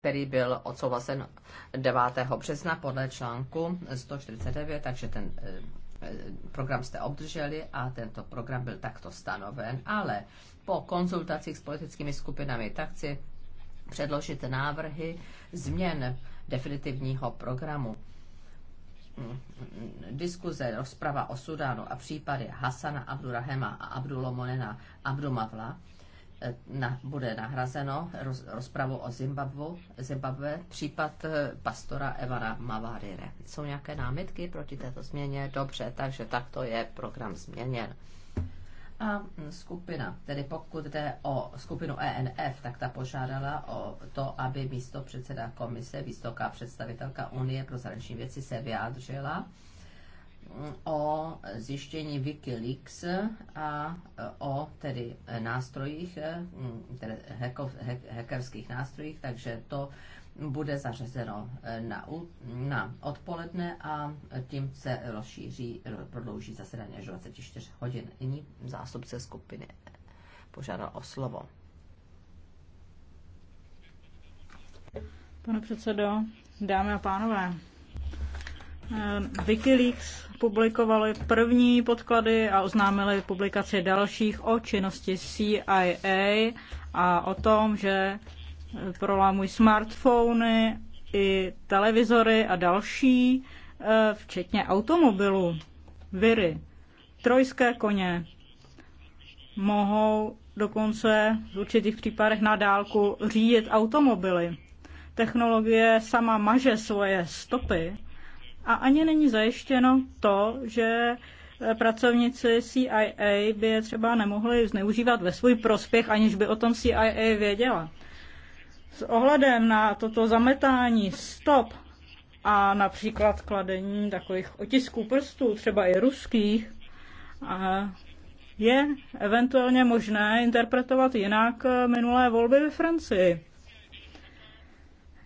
který byl odsouhlasen 9. března podle článku 149, takže ten eh, program jste obdrželi a tento program byl takto stanoven, ale po konzultacích s politickými skupinami tak chci předložit návrhy změn definitivního programu. Diskuze, rozprava o Sudánu a případy Hasana Abdurahema a Abdulomonena Abdumavla na, bude nahrazeno roz, rozpravu o Zimbabwe, Zimbabwe, případ eh, pastora Evara Mavarire. Jsou nějaké námitky proti této změně? Dobře, takže takto je program změněn. A skupina, tedy pokud jde o skupinu ENF, tak ta požádala o to, aby místo předseda komise, výstoká představitelka Unie pro zahraniční věci se vyjádřila o zjištění Wikileaks a e, o tedy e, nástrojích, e, tedy hekov, he, hackerských nástrojích, takže to bude zařazeno na, na odpoledne a tím se rozšíří, prodlouží zasedání až 24 hodin. Nyní zástupce skupiny požádal o slovo. Pane předsedo, dámy a pánové, Eh, Wikileaks publikovali první podklady a oznámili publikaci dalších o činnosti CIA a o tom, že eh, prolámují smartfony i televizory a další, eh, včetně automobilů, viry, trojské koně, mohou dokonce v určitých případech na dálku řídit automobily. Technologie sama maže svoje stopy a ani není zajištěno to, že eh, pracovníci CIA by je třeba nemohli zneužívat ve svůj prospěch, aniž by o tom CIA věděla. S ohledem na toto zametání stop a například kladení takových otisků prstů, třeba i ruských, je eventuálně možné interpretovat jinak eh, minulé volby ve Francii.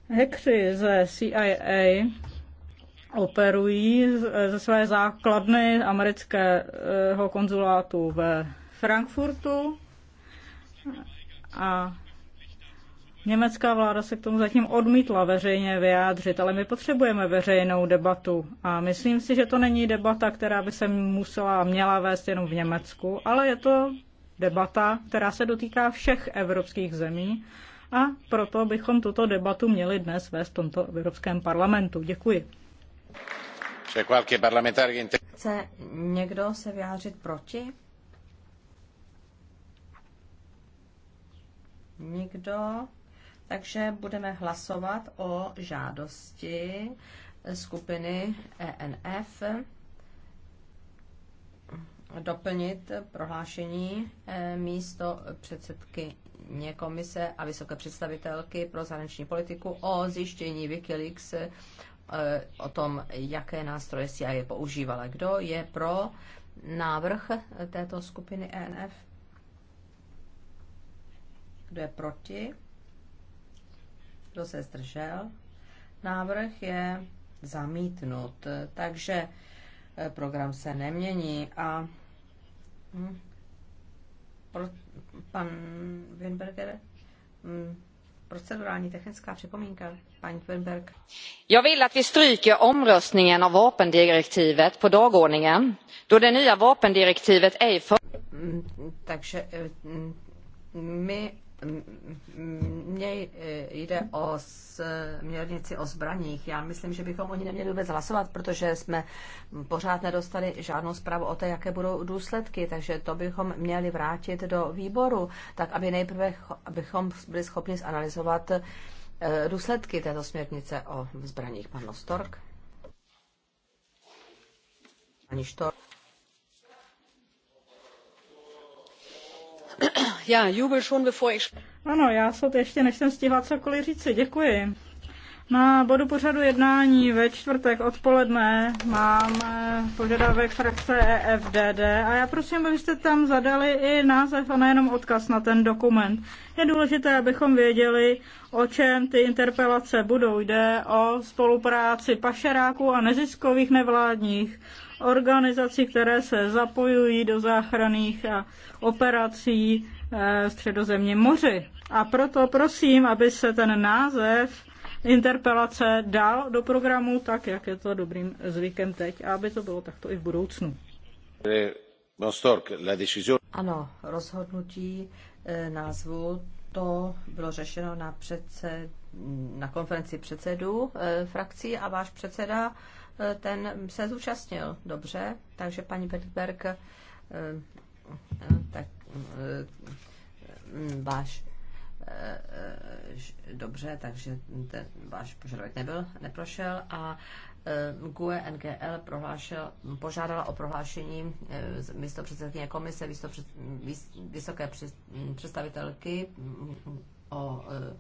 Hekři ze CIA operují ze své základny amerického konzulátu ve Frankfurtu a Německá vláda se k tomu zatím odmítla veřejně vyjádřit, ale my potřebujeme veřejnou debatu a myslím si, že to není debata, která by se musela a měla vést jenom v Německu, ale je to debata, která se dotýká všech evropských zemí a proto bychom tuto debatu měli dnes vést v tomto Evropském parlamentu. Děkuji. Chce někdo se vyjádřit proti? Nikdo. Takže budeme hlasovat o žádosti skupiny ENF doplnit prohlášení eh, místo předsedky komise a vysoké představitelky pro zahraniční politiku o zjištění Wikileaks Eh, o tom, jaké nástroje CIA používala. Kdo je pro návrh této skupiny ENF? Kdo je proti? Kdo se zdržel? Návrh je zamítnut, takže eh, program se nemění a hm, pro, pan Winberger hm, Procedurální technická připomínka, paní Thunberg. Jag vill att vi stryker omröstningen av vapendirektivet på dagordningen, då det nya vapendirektivet ej för... Mm, mm, takže eh, mm, my mně jde o směrnici o zbraních. Já myslím, že bychom o ní neměli vůbec hlasovat, protože jsme pořád nedostali žádnou zprávu o té, jaké budou důsledky, takže to bychom měli vrátit do výboru, tak aby nejprve abychom byli schopni zanalizovat eh, důsledky této směrnice o zbraních. Pan Nostork? Pani Štork? já jubel schon bevor ich... Ano, já se ještě než jsem stihla cokoliv říci, děkuji. Na bodu pořadu jednání ve čtvrtek odpoledne mám eh, požadavek frakce EFDD a já prosím, abyste tam zadali i název a nejenom odkaz na ten dokument. Je důležité, abychom věděli, o čem ty interpelace budou. Jde o spolupráci pašeráků a neziskových nevládních organizací, které se zapojují do záchranných eh, operací eh, Středozemní moři. A proto prosím, aby se ten název interpelace dal do programu, tak jak je to dobrým zvykem teď, a aby to bylo takto i v budoucnu. Ano, rozhodnutí eh, názvu to bylo řešeno na, předsed, na konferenci předsedů frakcí a váš předseda Eh, ten se zúčastnil dobře, takže paní Berg, eh, eh, tak váš dobře, takže ten váš požadavek nebyl, neprošel a GUE NGL prohlášel, požádala o prohlášení místo předsedkyně komise, místo před, vysoké představitelky o e,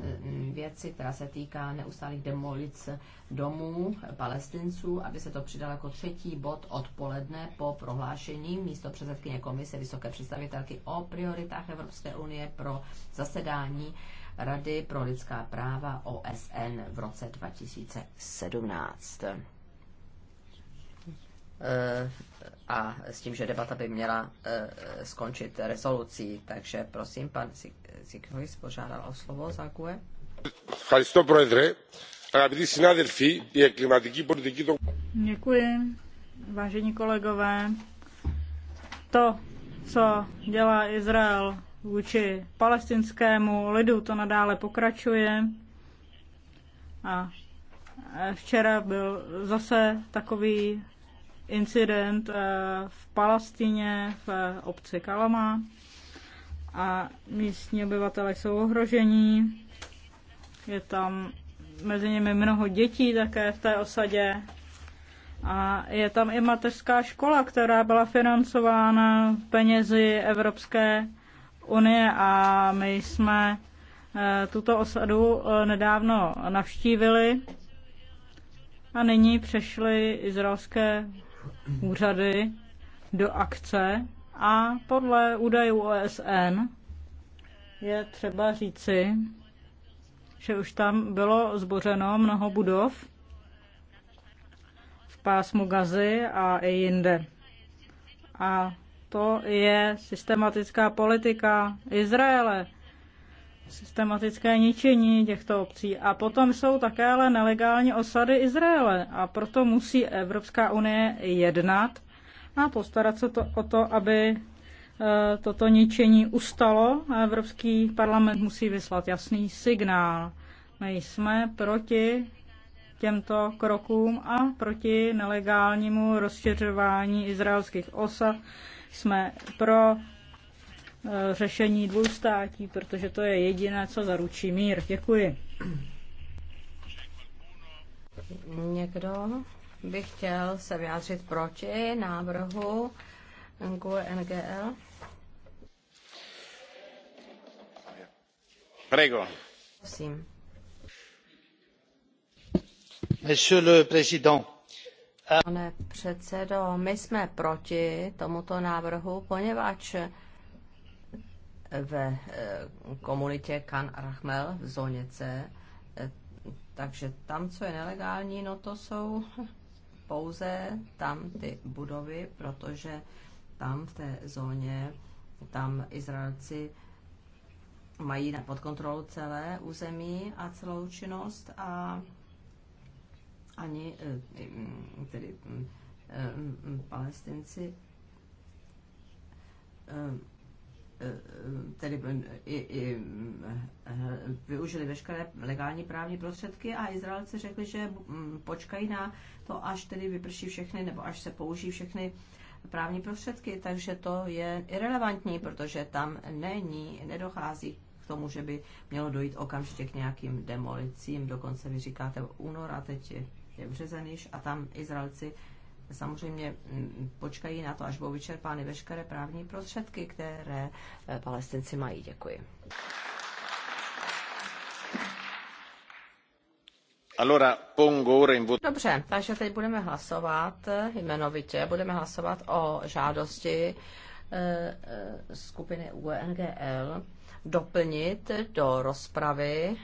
e, věci, která se týká neustálých demolic domů palestinců, aby se to přidalo jako třetí bod odpoledne po prohlášení místo předsedkyně komise vysoké představitelky o prioritách Evropské unie pro zasedání Rady pro lidská práva OSN v roce 2017. Eh, a s tím, že debata by měla eh, skončit rezolucí. Takže prosím, pan Sikhois požádal o slovo za QE. Děkuji, vážení kolegové. To, co dělá Izrael vůči palestinskému lidu, to nadále pokračuje. A eh, včera byl zase takový incident eh, v Palestině, v obci Kalama a místní obyvatele jsou ohrožení. Je tam mezi nimi mnoho dětí také v té osadě. A je tam i mateřská škola, která byla financována penězi Evropské unie a my jsme eh, tuto osadu eh, nedávno navštívili a nyní přešly izraelské úřady do akce a podle údajů OSN je třeba říci, že už tam bylo zbořeno mnoho budov v pásmu Gazy a i jinde. A to je systematická politika Izraele systematické ničení těchto obcí. A potom jsou také ale nelegální osady Izraele a proto musí Evropská unie jednat a postarat se to, o to, aby e, toto ničení ustalo a Evropský parlament musí vyslat jasný signál. My jsme proti těmto krokům a proti nelegálnímu rozšiřování izraelských osad. Jsme pro Eh, řešení dvou státí, protože to je jediné, co zaručí mír. Děkuji. Někdo by chtěl se vyjádřit proti návrhu NGL? Prego. Prosím. Monsieur le président. Euh, Pane předsedo, my jsme proti tomuto návrhu, poněvadž ve eh, komunitě Kan Rachmel v zóně C, eh, takže tam, co je nelegální, no to jsou pouze tam ty budovy, protože tam v té zóně, tam Izraelci mají pod kontrolou celé území a celou činnost a ani eh, mm, tedy mm, mm, palestinci Eh, tedy eh, i, i, eh, využili veškeré legální právní prostředky a Izraelci řekli, že mm, počkají na to, až tedy vyprší všechny nebo až se použijí všechny právní prostředky, takže to je irrelevantní, protože tam není, nedochází k tomu, že by mělo dojít okamžitě k nějakým demolicím, dokonce vy říkáte únor a teď je, je březen a tam Izraelci samozřejmě mm, počkají na to, až budou vyčerpány veškeré právní prostředky, které eh, palestinci mají. Děkuji. Dobře, takže teď budeme hlasovat eh, jmenovitě. Budeme hlasovat o žádosti eh, skupiny UNGL doplnit do rozpravy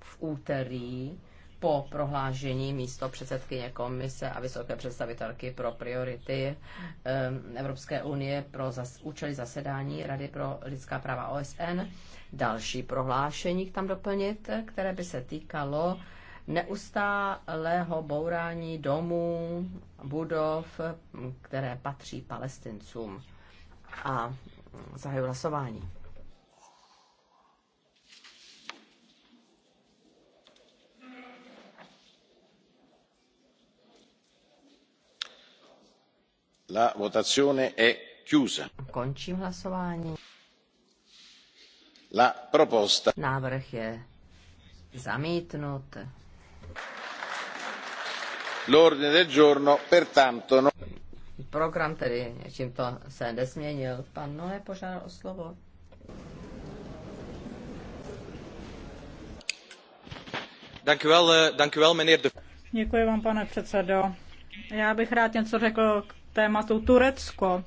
v úterý po prohlášení místo předsedkyně komise a vysoké představitelky pro priority ehm, Evropské unie pro zas, účely zasedání Rady pro lidská práva OSN další prohlášení k tam doplnit, které by se týkalo neustálého bourání domů, budov, které patří palestincům. A zahajuji hlasování. La votazione è chiusa. Končím hlasování. La proposta. Návrh je zamítnut. L'ordine del giorno pertanto no... Program tedy tímto se nezměnil. Pan Noé požádal o slovo. Eh, Děkuji vám, pane předsedo. Já bych rád něco řekl k tématu Turecko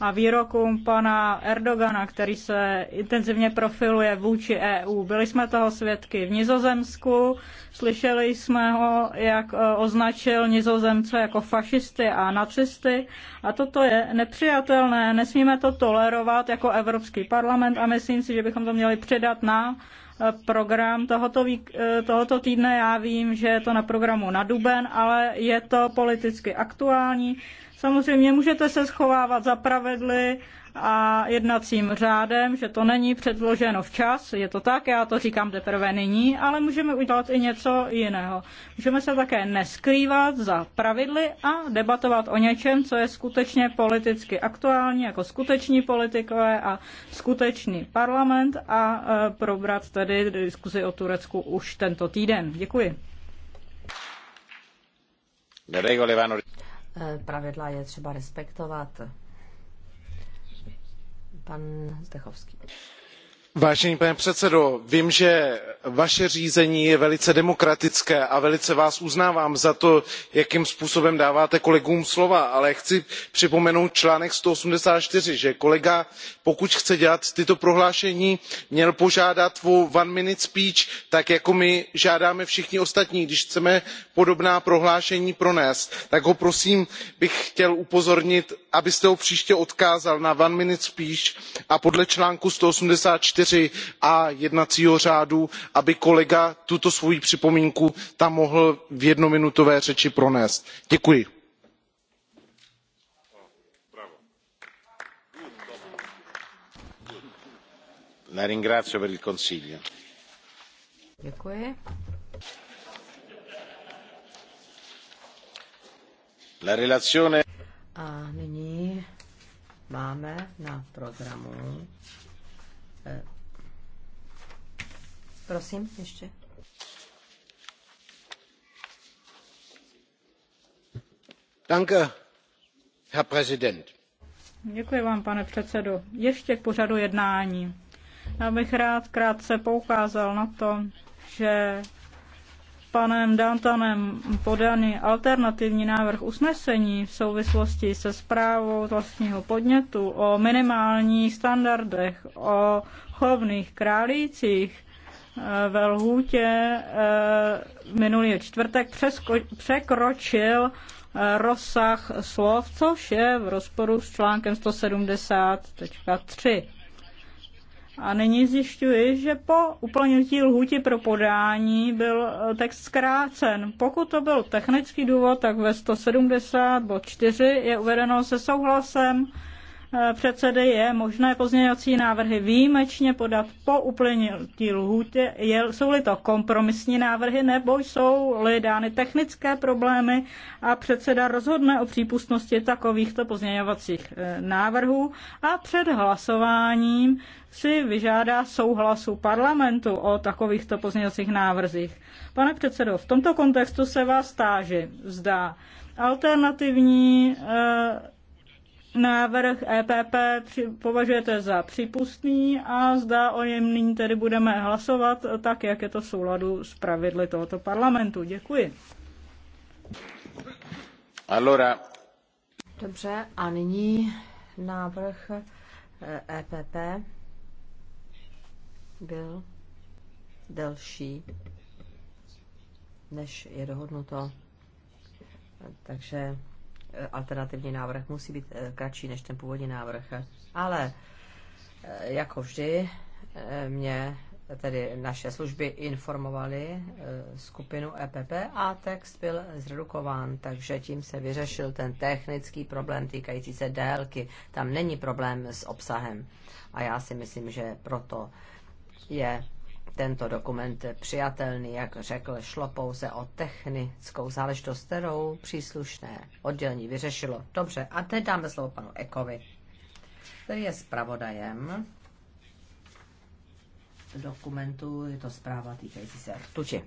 a výrokům pana Erdogana, který se intenzivně profiluje vůči EU. Byli jsme toho svědky v Nizozemsku, slyšeli jsme ho, jak e, označil Nizozemce jako fašisty a nacisty a toto je nepřijatelné, nesmíme to tolerovat jako Evropský parlament a myslím si, že bychom to měli předat na e, program tohoto, vík, e, tohoto týdne. Já vím, že je to na programu na duben, ale je to politicky aktuální. Samozřejmě můžete se schovávat za pravidly a jednacím řádem, že to není předloženo včas, je to tak, já to říkám teprve nyní, ale můžeme udělat i něco jiného. Můžeme se také neskrývat za pravidly a debatovat o něčem, co je skutečně politicky aktuální, jako skuteční politikové a skutečný parlament a e, probrat tedy diskuzi o Turecku už tento týden. Děkuji. Eh, pravidla je třeba respektovat. Pan Zdechovský pane předsedající vím že vaše řízení je velice demokratické a velice vás uznávám za to jakým způsobem dáváte kolegům slovo ale chci připomenout článek one hundred and eighty four že kolega pokud chce dělat tato prohlášení měl požádat o one minute speech tak jako my žádáme všichni ostatní když chceme podobná prohlášení pronést. tak ho prosím bych chtěl upozornit abyste ho příště odkázal na one minute speech a podle článku one hundred and eighty four a jednacího řádu aby kolega tuto svoji připomínku tam mohl v jednominutové řeči pronést. děkuji. A nyní máme na programu Prosím, ještě. Danke, Herr Präsident. Děkuji vám, pane předsedo. Ještě k pořadu jednání. Já bych rád krátce poukázal na to, že panem Dantanem podaný alternativní návrh usnesení v souvislosti se zprávou vlastního podnětu o minimálních standardech, o chovných králících Eh, ve lhůtě eh, minulý čtvrtek překročil eh, rozsah slov, což je v rozporu s článkem 170.3. A nyní zjišťuji, že po uplynutí lhůti pro podání byl text zkrácen. Pokud to byl technický důvod, tak ve 170 bod 4 je uvedeno se souhlasem Eh, předsedy je možné pozměňovací návrhy výjimečně podat po uplynutí lhůty, jsou-li to kompromisní návrhy nebo jsou-li dány technické problémy a předseda rozhodne o přípustnosti takovýchto pozměňovacích eh, návrhů a před hlasováním si vyžádá souhlasu parlamentu o takovýchto pozměňovacích návrzích. Pane předsedo, v tomto kontextu se vás táži, zdá alternativní eh, návrh EPP považujete za připustný a zda o něm nyní tedy budeme hlasovat tak, jak je to v souladu s pravidly tohoto parlamentu. Děkuji. Allora. Dobře, a nyní návrh EPP eh, e byl delší, než je dohodnuto. Takže alternativní návrh musí být eh, kratší než ten původní návrh. Ale eh, jako vždy eh, mě tedy naše služby informovaly skupinu EPP a text byl zredukován, takže tím se vyřešil ten technický problém týkající se délky. Tam není problém s obsahem a já si myslím, že proto je tento dokument přijatelný, jak řekl, šlo pouze o technickou záležitost, kterou příslušné oddělení vyřešilo. Dobře, a teď dáme slovo panu Ekovi, který je zpravodajem dokumentu, je to zpráva týkající se rtuči.